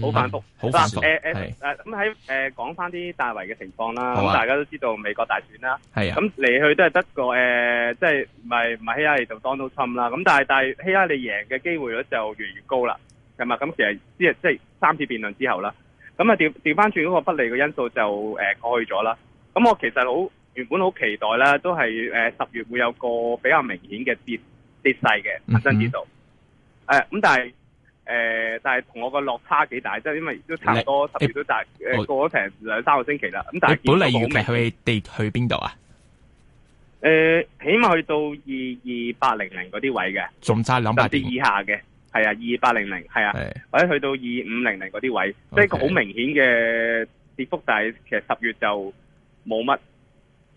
好、嗯、反覆，嗯、好反覆。誒咁喺誒講翻啲大圍嘅情況啦。咁大家都知道美國大選啦，咁嚟、啊、去都係得個誒，即係唔係希拉里就係、Donald Trump 啦。咁但係但係希拉里贏嘅機會率就越嚟越高啦，係咪？咁其實即係即係三次辯論之後啦，咁啊調調翻轉嗰個不利嘅因素就誒過去咗啦。咁我其實好原本好期待啦，都係誒十月會有個比較明顯嘅跌跌勢嘅發生指數。誒咁、嗯欸、但係。誒、呃，但係同我個落差幾大，即係因為都差唔多，十月都大誒、欸，過咗成兩三個星期啦。咁但係本嚟預期去，跌去邊度啊？誒、呃，起碼去到二二八零零嗰啲位嘅，仲差兩百點以下嘅。係啊，二二八零零，係啊，或者去到二五零零嗰啲位，即係好明顯嘅跌幅大，其實十月就冇乜。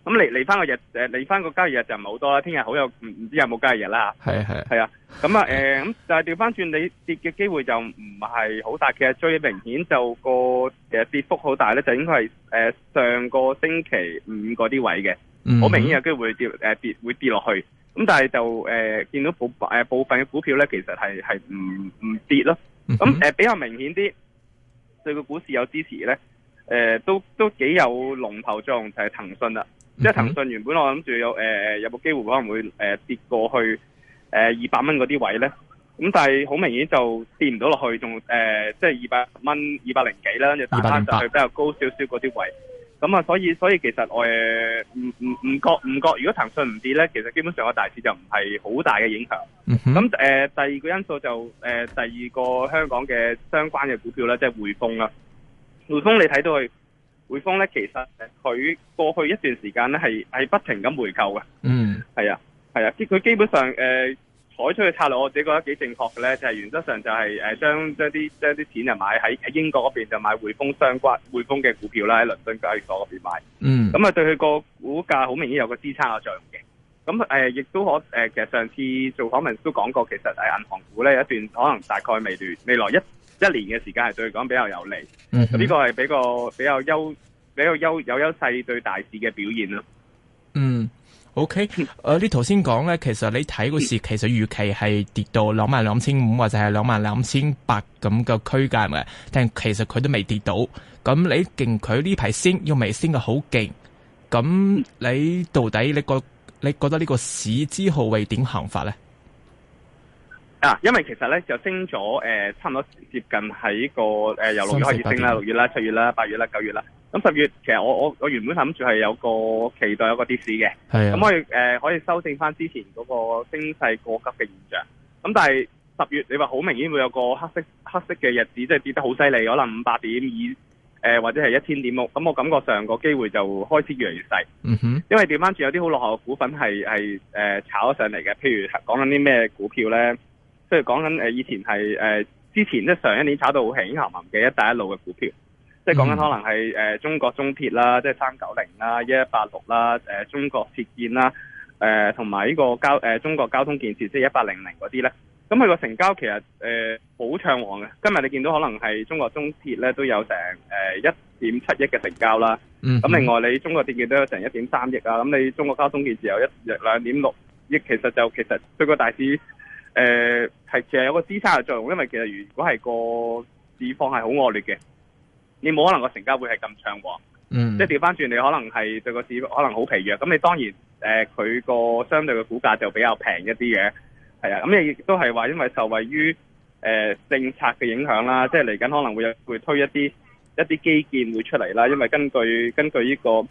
咁嚟嚟翻個日誒嚟翻個交易日就唔係好多啦，聽日好有唔唔知有冇交易日啦。係係係啊，咁啊誒咁、呃，但係調翻轉你跌嘅機會就唔係好大嘅，其實最明顯就個誒跌幅好大咧，就應該係誒上個星期五嗰啲位嘅，好明顯有機會跌誒、呃、跌會跌落去。咁但係就誒、呃、見到部誒、呃、部分嘅股票咧，其實係係唔唔跌咯。咁、呃、誒、呃呃、比較明顯啲對個股市有支持咧，誒、呃、都都幾有龍頭作用就係騰訊啦。嗯、即係騰訊原本我諗住有誒、呃、有冇機會可能會誒、呃、跌過去誒二百蚊嗰啲位咧，咁但係好明顯就跌唔到落去，仲、呃、誒即係二百蚊二百零幾啦，就跌翻上去比較高少少嗰啲位。咁、嗯、啊，所以所以其實我唔唔唔覺唔覺，如果騰訊唔跌咧，其實基本上個大市就唔係好大嘅影響。咁、嗯、誒、呃、第二個因素就誒、呃、第二個香港嘅相關嘅股票咧，即係匯豐啦。匯豐你睇到佢。匯豐咧，其實佢過去一段時間咧係係不停咁回購嘅。嗯，係啊，係啊，基佢基本上誒採取嘅策略，我自己覺得幾正確嘅咧，就係、是、原則上就係、是、誒、呃、將將啲將啲錢就買喺喺英國嗰邊就買匯豐相關匯豐嘅股票啦，喺倫敦交易所嗰邊買。Mm. 嗯，咁啊對佢個股價好明顯有個支撐嘅作用嘅。咁誒亦都可誒、呃，其實上次做訪問都講過，其實誒銀行股咧一段可能大概未來未來一。一年嘅時間係對佢講比較有利，呢、嗯這個係比較比較優比較優有優勢對大市嘅表現咯。嗯，OK，誒，呢頭先講咧，其實你睇嗰時 其實預期係跌到兩萬兩千五或者係兩萬兩千八咁嘅區間嘅，但其實佢都未跌到。咁你勁佢呢排升，又未升嘅好勁。咁你到底你覺你覺得呢個市之後會點行法咧？嗱，因為其實咧就升咗，誒、呃，差唔多接近喺、個誒、呃、由六月開始升啦，六月啦、七月啦、八月啦、九月啦。咁十月其實我我我原本諗住係有個期待有個跌市嘅，係咁我以誒可以修正翻之前嗰個升勢過急嘅現象。咁但係十月你話好明顯會有個黑色黑色嘅日子，即係跌得好犀利，可能五百點以誒、呃、或者係一千點。咁我感覺上個機會就開始越嚟越細。嗯哼，因為調翻轉有啲好落後嘅股份係係誒炒咗上嚟嘅，譬如講緊啲咩股票咧？即係講緊誒，以前係誒，之前即係上一年炒到好起行行嘅一帶一路嘅股票，嗯、即係講緊可能係誒中國中鐵啦，即係三九零啦，一一八六啦，誒中國鐵建啦，誒同埋呢個交誒、呃、中國交通建設即係一八零零嗰啲咧。咁佢個成交其實誒好暢旺嘅。今日你見到可能係中國中鐵咧都有成誒一點七億嘅成交啦。咁、嗯嗯、另外你中國鐵建都有成一點三億啊。咁你中國交通建設有一兩兩點六億，其實就其實對個大市。誒、呃，係其實有個支撐嘅作用，因為其實如果係個市況係好惡劣嘅，你冇可能個成交會係咁暢旺。嗯，即係調翻轉，你可能係對個市可能好疲弱，咁你當然誒，佢、呃、個相對嘅股價就比較平一啲嘅係啊。咁你亦、嗯、都係話，因為受惠於誒政策嘅影響啦，即係嚟緊可能會有會推一啲一啲基建會出嚟啦。因為根據根據呢、這個。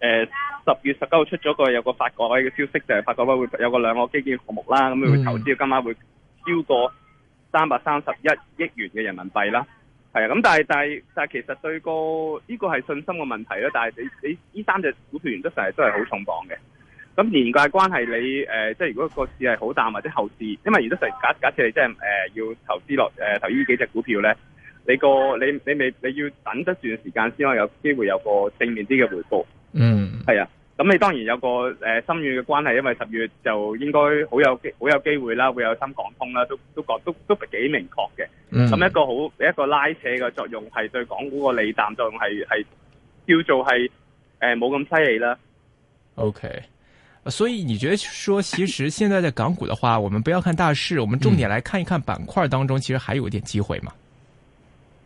誒、呃，十月十九號出咗個有個發改委嘅消息，就係、是、發改委會有個兩個基建項目啦。咁、啊、佢會投資，今晚會超過三百三十一億元嘅人民幣啦。係啊，咁但係但係但係，其實對個呢、這個係信心嘅問題咯。但係你你呢三隻股票原則上係都係好重磅嘅。咁、啊、年假關係你誒、呃，即係如果個市係好淡或者後市，因為如果成假假設你真係誒、呃、要投資落誒投呢、呃、幾隻股票咧，你個你你未你，你要等一段時間先可以有機會有個正面啲嘅回報。嗯，係啊，咁你當然有個誒、呃、深遠嘅關係，因為十月就應該好有好有機會啦，會有深港通啦，都都覺都都幾明確嘅。咁、嗯、一個好一個拉扯嘅作用係對港股個利淡作用係係叫做係誒冇咁犀利啦。OK，所以你覺得說，其實現在嘅港股嘅話， 我們不要看大市，我們重點來看一看板塊當中、嗯，其實還有一點機會嘛？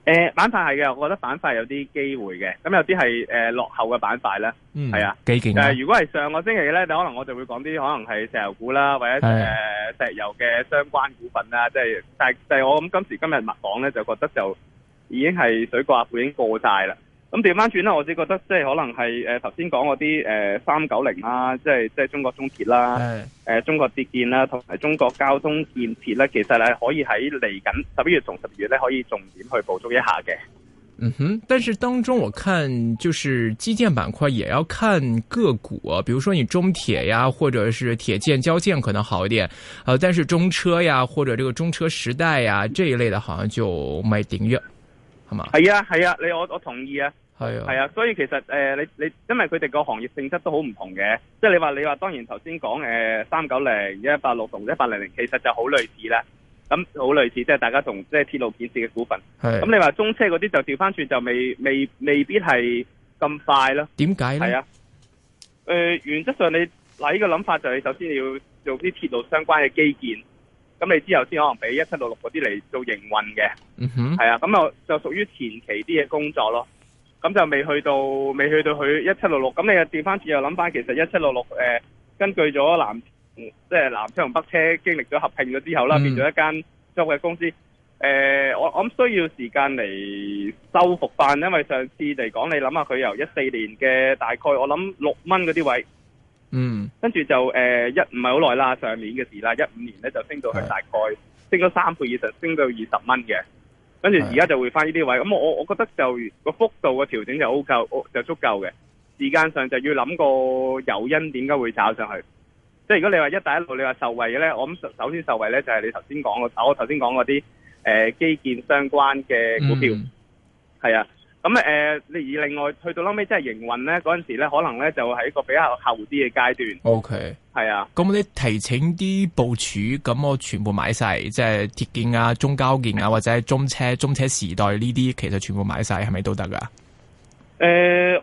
誒、呃，板塊係嘅，我覺得板塊有啲機會嘅，咁有啲係誒落後嘅板塊咧，係、嗯、啊，基建。誒，如果係上個星期咧，就可能我就會講啲可能係石油股啦，或者誒、呃、石油嘅相關股份啦，即、就、係、是、但係係、就是、我諗今時今日物講咧，就覺得就已經係水掛，已經過晒啦。咁調翻轉咧，我只覺得即係可能係誒，頭先講嗰啲誒三九零啦，啊，即係即係中國中鐵啦，啊，誒、呃、中國鐵建啦，啊，同埋中國交通建設咧，其實係可以喺嚟緊十一月同十二月咧，可以重點去捕捉一下嘅。嗯哼，但是當中我看，就是基建板塊也要看個股，啊。比如說你中鐵呀，啊，或者是鐵建、交建可能好一點，啊，呃，但是中車呀，啊，或者這個中車時代呀，啊，這一類的，好像就唔係頂約，係嘛？係啊，係啊，你我我同意啊。係啊，係啊，所以其實誒、呃，你你因為佢哋個行業性質都好唔同嘅，即、就、係、是、你話你話當然頭先講誒三九零一八六同一八零零，呃、390, 186, 1800, 其實就好類似啦，咁、嗯、好類似即係、就是、大家同即係鐵路建設嘅股份。係、啊，咁你話中車嗰啲就調翻轉就未未未必係咁快咯。點解咧？係啊，誒、呃，原則上你嗱呢個諗法就係首先你要做啲鐵路相關嘅基建，咁你之後先可能俾一七六六嗰啲嚟做營運嘅。嗯哼，係啊，咁、嗯、又就屬於前期啲嘅工作咯。咁就未去到，未去到佢一七六六。咁你又調翻轉又諗翻，其實一七六六誒，根據咗南即係南車同北車經歷咗合併咗之後啦、嗯，變咗一間咗嘅公司。誒、呃，我我諗需要時間嚟修復翻，因為上次嚟講，你諗下佢由一四年嘅大概我諗六蚊嗰啲位，嗯，跟住就誒、呃、一唔係好耐啦，上年嘅事啦，一五年咧就升到去大概升咗三倍以上，升到二十蚊嘅。跟住而家就會翻呢啲位，咁我我覺得就個幅度個調整就好夠，就足夠嘅。時間上就要諗個誘因點解會炒上去，即係如果你話一帶一路你話受惠呢，我諗首先受惠呢就係你頭先講，我頭先講嗰啲誒基建相關嘅股票，係、嗯、啊。咁、嗯、啊、呃，而另外去到撈尾即係營運咧，嗰陣時咧，可能咧就喺一個比較後啲嘅階段。O K，係啊。咁我提請啲部署，咁我全部買晒，即係鐵建啊、中交建啊，或者係中車、中車時代呢啲，其實全部買晒，係咪都得㗎？誒、呃，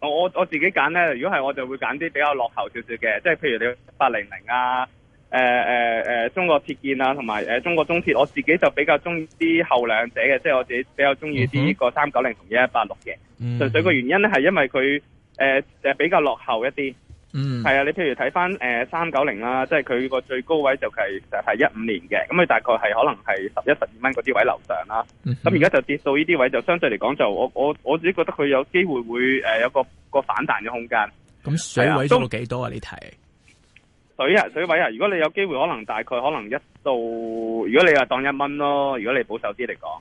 我我自己揀咧，如果係我就會揀啲比較落後少少嘅，即係譬如你八零零啊。誒誒誒，中國鐵建啊，同埋誒中國中鐵，我自己就比較中意啲後兩者嘅，即係我自己比較中意啲個三九零同一一八六嘅。純粹個原因咧，係因為佢誒誒比較落後一啲。嗯，係啊，你譬如睇翻誒三九零啦，呃、90, 即係佢個最高位就係就係一五年嘅，咁佢大概係可能係十一十二蚊嗰啲位樓上啦。咁而家就跌到呢啲位，就相對嚟講就我我我自己覺得佢有機會會誒有個個反彈嘅空間。咁水位都幾多啊？對你睇。水啊，水位啊！如果你有機會，可能大概可能一到，如果你話當一蚊咯，如果你保守啲嚟講，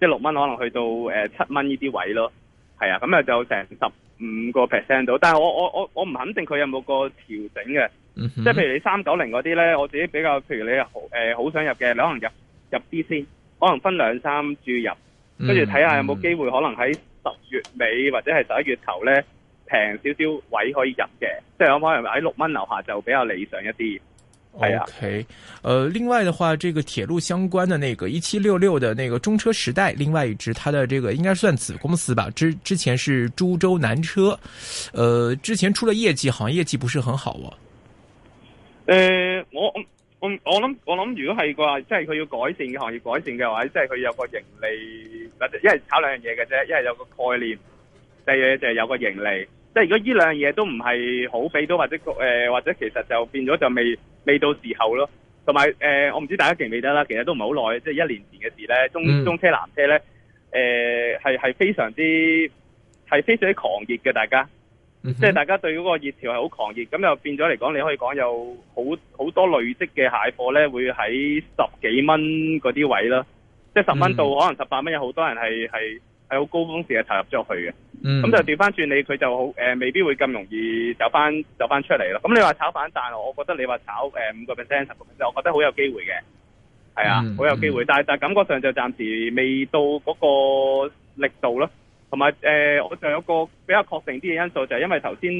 即係六蚊可能去到、呃、七蚊呢啲位咯，係啊，咁啊就成十五個 percent 到。但係我我我我唔肯定佢有冇個調整嘅，即、嗯、係譬如你三九零嗰啲咧，我自己比較，譬如你好好、呃、想入嘅，你可能入入啲先，可能分兩三注入，跟住睇下有冇機會，嗯、可能喺十月尾或者係十一月頭咧。平少少位可以入嘅，即係可可能喺六蚊樓下就比較理想一啲？係啊，OK 呃，另外嘅話，這個鐵路相關的那個一七六六的那個中車時代，另外一支，它的這個應該算子公司吧？之之前是株洲南車，呃，之前出咗業績，好像業績不是很好啊。誒、呃，我我我諗我諗，如果係嘅話，即係佢要改善嘅行業，改善嘅話，即係佢有個盈利，或者一係炒兩樣嘢嘅啫，一係有個概念，第二就係、是、有個盈利。即係如果呢兩樣嘢，都唔係好俾到，或者誒、呃，或者其實就變咗就未未到時候咯。同埋誒，我唔知大家記唔記得啦，其實都唔係好耐，即、就、係、是、一年前嘅事咧。中、嗯、中車南車咧，誒係係非常之係非常之狂熱嘅，大家，即、嗯、係、就是、大家對嗰個熱潮係好狂熱，咁又變咗嚟講，你可以講有好好多累積嘅蟹貨咧，會喺十幾蚊嗰啲位啦，即係十蚊到、嗯、可能十八蚊，有好多人係係係好高峰時期投入咗去嘅。咁、嗯、就調翻轉你，佢就好、呃、未必會咁容易走翻走翻出嚟咯。咁你話炒反彈，我覺得你話炒誒五個 percent 十個 percent，我覺得好有機會嘅，係啊，好、嗯、有機會。嗯、但係但係感覺上就暫時未到嗰個力度咯。同埋、呃、我就有一個比較確定啲嘅因素，就係、是、因為頭先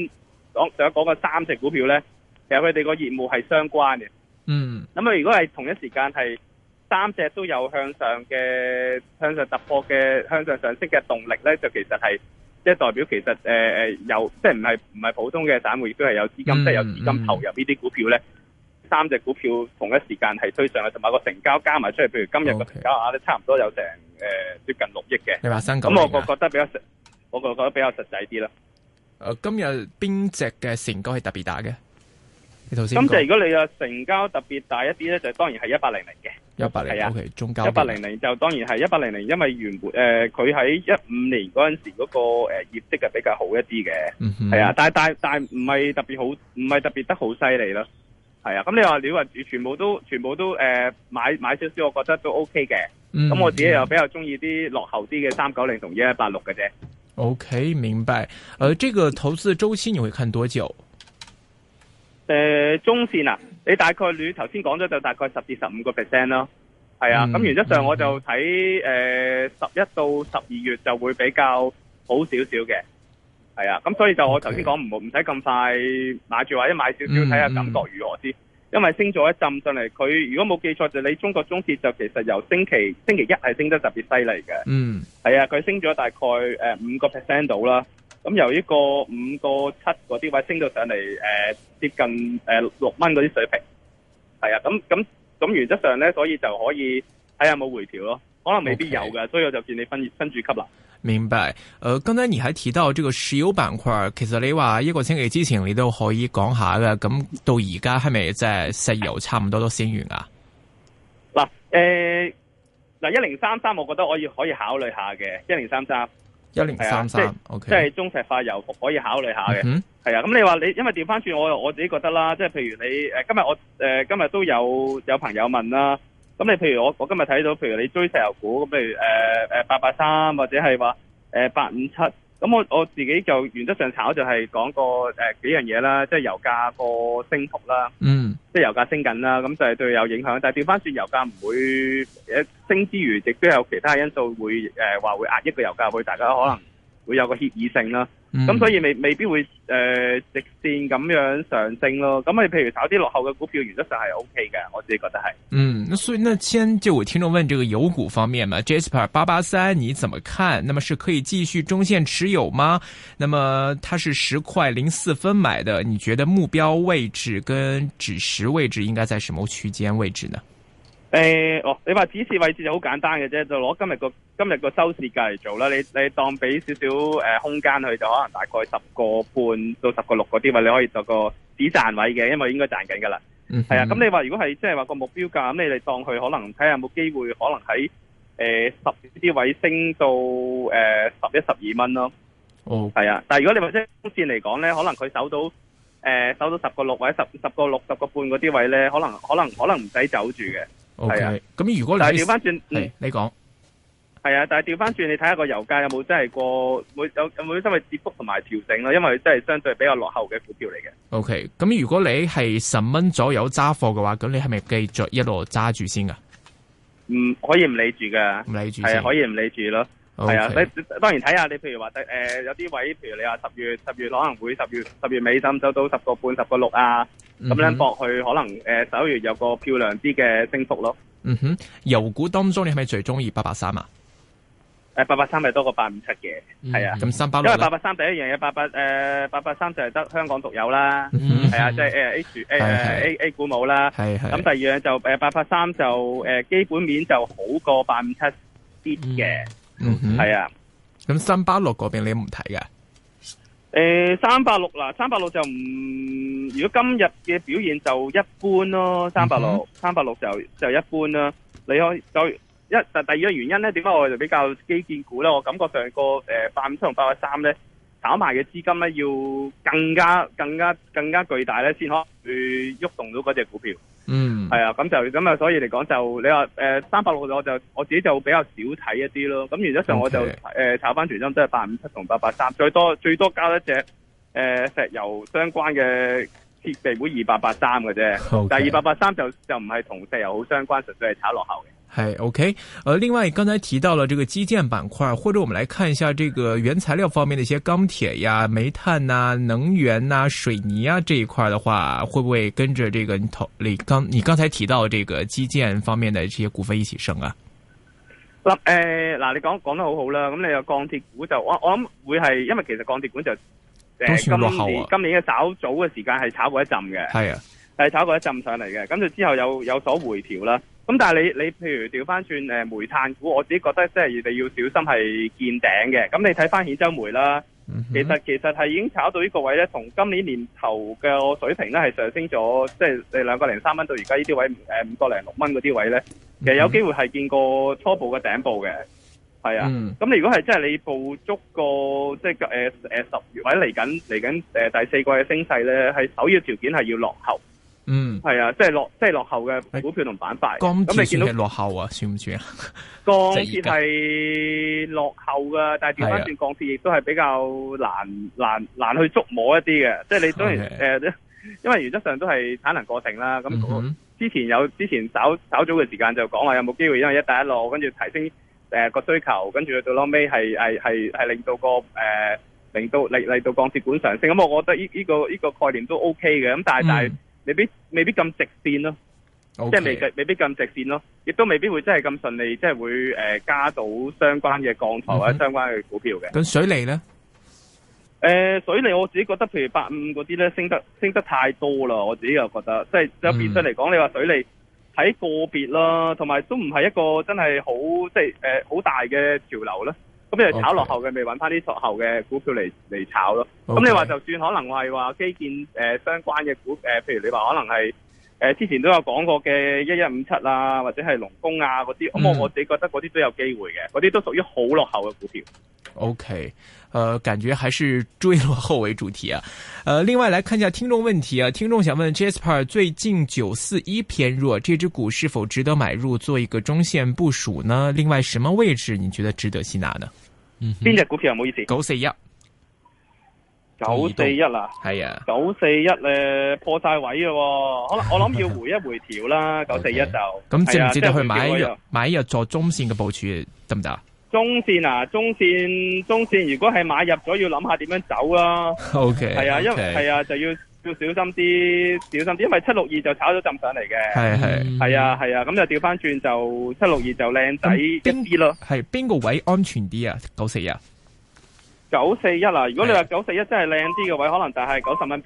講想講嘅三隻股票咧，其實佢哋個業務係相關嘅。嗯。咁啊，如果係同一時間係三隻都有向上嘅向上突破嘅向上上升嘅動力咧，就其實係。即係代表其實誒誒有即係唔係唔係普通嘅散戶亦都係有資金、嗯、即係有資金投入呢啲股票咧，嗯、三隻股票同一時間係推上啦，同埋個成交加埋出嚟，譬如今日個成交額都差唔多有成誒、呃、接近六億嘅。你話新咁，咁我個覺得比較實，啊、我個覺得比較實際啲啦。誒、呃，今日邊隻嘅成交係特別大嘅？咁就、嗯、如果你嘅成交特別大一啲咧，就當然係一百零零嘅，一百零係啊，中交一百零零就當然係一百零零，因為原本誒佢喺一五年嗰陣時嗰個誒業績係比較好一啲嘅，係、嗯、啊，但係但但唔係特別好，唔係特別得好犀利咯，係啊。咁你話你話全部都全部都誒買買少少，我覺得都 OK 嘅。咁、嗯嗯、我自己又比較中意啲落後啲嘅三九零同一一八六嘅啫。OK，明白。而、呃、呢個投資周期你會看多久？誒、uh, 中線啊，你大概你頭先講咗就大概十至十五個 percent 咯，係、嗯、啊，咁原則上我就睇誒十一到十二月就會比較好少少嘅，係、嗯、啊，咁所以就我頭先講唔唔使咁快買住，或者買少少睇下感覺如何先、嗯嗯，因為升咗一浸上嚟，佢如果冇記錯就你中國中鐵就其實由星期星期一係升得特別犀利嘅，嗯，係啊，佢升咗大概誒五個 percent 度啦。Uh, 咁由一個五、個七嗰啲位升到上嚟，誒接近誒六蚊嗰啲水平，係啊，咁咁咁原則上咧，所以就可以睇下有冇回調咯，可能未必有嘅，okay. 所以我就見你分分住級啦。明白。誒、呃，剛才你喺提到這個石油板塊，其實你話一個星期之前你都可以講下嘅，咁到而家係咪即係石油差唔多都先完啊？嗱、呃，誒、呃，嗱一零三三，我覺得可以可以考慮下嘅一零三三。一零三三，OK，即係中石化油服可以考慮下嘅，係、mm hmm. 啊。咁、嗯、你話你，因為掉返轉，我我自己覺得啦，即係譬如你，誒、呃，今日我，誒、呃，今日都有有朋友問啦。咁、嗯、你譬如我，我今日睇到，譬如你追石油股，咁譬如誒，誒、呃，八八三或者係話，誒、呃，八五七。咁我我自己就原則上炒就係講個誒幾樣嘢啦，即係油價個升幅啦，嗯，即係油價升緊啦，咁就係對有影響。但係調翻轉油價唔會誒升之餘，亦都有其他因素會誒話、呃、會壓抑個油價，會大家可能會有個協議性啦。咁、嗯嗯、所以未未必會誒、呃、直線咁樣上升咯。咁你譬如炒啲落後嘅股票，原則上係 O K 嘅，我自己覺得係。嗯，那所以呢，先就我聽眾問這個油股方面嘛，Jasper 八八三，你怎麼看？那麼是可以繼續中線持有嗎？那麼它是十塊零四分買的，你覺得目標位置跟止蝕位置應該在什麼區間位置呢？誒、欸，哦，你話指示位置就好簡單嘅啫，就攞今日個今日個收市價嚟做啦。你你當俾少少誒、呃、空間佢，就可能大概十個半到十個六嗰啲位，你可以做個止賺位嘅，因為應該賺緊噶啦。嗯。係啊，咁你話如果係即係話個目標價，咁你哋當佢可能睇下有冇機會，可能喺誒十啲位升到誒十一十二蚊咯。哦。係啊，但係如果你話即係線嚟講咧，可能佢守到誒守、呃、到十個六或者十十個六十個半嗰啲位咧，可能可能可能唔使走住嘅。係、okay, 啊，咁如果你但係調翻轉，你你講係啊，但係調翻轉，你睇下個油價有冇真係過，有有冇真係跌幅同埋調整咯？因為真係相對比較落後嘅股票嚟嘅。OK，咁如果你係十蚊左右揸貨嘅話，咁你係咪繼續一路揸住先噶？唔、嗯、可以唔理住噶，唔理住，係、啊、可以唔理住咯。係、okay. 啊，你當然睇下，你譬如話誒、呃、有啲位，譬如你話十月十月可能會十月十月尾，收唔收到十個半十個六啊？咁咧搏去可能誒呃，首月有個漂亮啲嘅升幅咯。嗯哼，油股當中你係咪最中意八八三啊？誒、呃，八八三係多過八五七嘅，係、嗯、啊。咁三八六，因為八八三第一樣嘢八八誒八八三就係得香港獨有啦，係、嗯、啊，即係誒 H 誒 A A 股冇啦，係、哎、係、呃。咁第二樣就誒八八三就誒基本面就好過八五七啲嘅，嗯，係啊。咁三八六嗰邊你唔睇嘅。誒、呃，三百六嗱，三百六就唔，如果今日嘅表現就一般咯，三百六，嗯、三百六就就一般啦。你可以一，第二個原因咧，點解我哋比較基建股咧？我感覺上個誒，八五七同八八三咧，炒埋嘅資金咧，要更加更加更加巨大咧，先可去喐動，動到嗰隻股票。嗯，係啊，咁就咁啊，所以嚟講就你話誒，三百六我就我自己就比較少睇一啲咯。咁原則上我就誒、okay. 呃、炒翻全倉都係八五七同八八三，最多最多加一隻誒、呃、石油相關嘅設備會二八八三嘅啫。但二八八三就就唔係同石油好相關純粹係炒落後嘅。係、hey, OK，呃，另外你剛才提到了這個基建板塊，或者我們來看一下這個原材料方面的一些鋼鐵呀、煤炭啊、能源啊、水泥啊這一塊的話，會不會跟着這個投你剛你剛才提到這個基建方面的這些股份一起升啊？嗱，誒，嗱，你講講得好好啦，咁你有、呃、鋼鐵股就我我諗會係，因為其實鋼鐵股就誒今、呃啊、今年嘅早早嘅時間係炒過一陣嘅，係啊，係炒過一陣上嚟嘅，咁就之後有有所回調啦。.咁但係你你譬如調翻轉，誒煤炭股，我自己覺得即係你哋要小心係見頂嘅。咁你睇翻顯州煤啦，其實其實係已經炒到呢個位咧，從今年年頭嘅水平咧係上升咗，即係兩個零三蚊到而家呢啲位誒五個零六蚊嗰啲位咧，其實有機會係見過初步嘅頂部嘅。係啊，Mm-hmm，咁你如果係即係你捕捉個即係誒誒十月或者嚟緊嚟緊誒第四季嘅升勢咧，係首要條件係要落後。嗯，係啊，即、就、係、是、落，即、就、係、是、落後嘅股票同板塊。咁你見到落後啊，算唔算啊？鋼鐵係落後嘅， 但係調翻轉，鋼鐵亦都係比較難難難去捉摸一啲嘅。即係、就是、你當然誒，okay. 因為原則上都係產能過剩啦。咁之前有之前稍稍早早早嘅時間就講話有冇機會，因為一帶一路跟住提升誒個需求，跟住到撈尾係係係令到個誒、呃、令到嚟嚟到鋼鐵股上升。咁我我覺得呢、這、呢個呢、這個概念都 OK 嘅。咁但係但係。嗯未必未必咁直線咯，okay. 即係未未必咁直線咯，亦都未必會真係咁順利，即係會誒、呃、加到相關嘅鋼材或者、okay. 相關嘅股票嘅。咁水利咧？誒、呃，水利我自己覺得，譬如八五嗰啲咧，升得升得太多啦，我自己又覺得，即係、嗯、就變相嚟講，你話水利喺個別啦，同埋都唔係一個真係好即係誒好大嘅潮流咧。即、okay, 係炒落後嘅，咪揾翻啲落後嘅股票嚟嚟炒咯。咁你話就算可能係話基建誒、呃、相關嘅股誒、呃，譬如你話可能係誒、呃、之前都有講過嘅一一五七啦，或者係龍工啊嗰啲，咁、嗯、我我自己覺得嗰啲都有機會嘅，嗰啲都屬於好落後嘅股票。O K，誒，感覺還是追落後為主題啊。誒、呃，另外嚟看一下聽眾問題啊，聽眾想問 Jasper 最近九四一偏弱，這隻股是否值得買入做一個中綫部署呢？另外，什麼位置你覺得值得吸納呢？邊、嗯、隻股票啊？唔好意思，九四一，九四一啦，係啊，九四一咧破晒位嘅，哦，可能我諗要回一回調啦。九四一就咁，值唔值得去買入？買入做中線嘅部署得唔得啊？中線啊，中線，中線如果係買入咗，要諗下點樣走啊。OK，係啊，因為係啊，就要。要小心啲，小心啲，因為七六二就炒咗浸上嚟嘅。係係係啊係啊，咁就調翻轉就七六二就靚仔一啲咯。係邊個位安全啲啊？九四一九四一啊，如果你話九四一真係靚啲嘅位，可能就係九十蚊。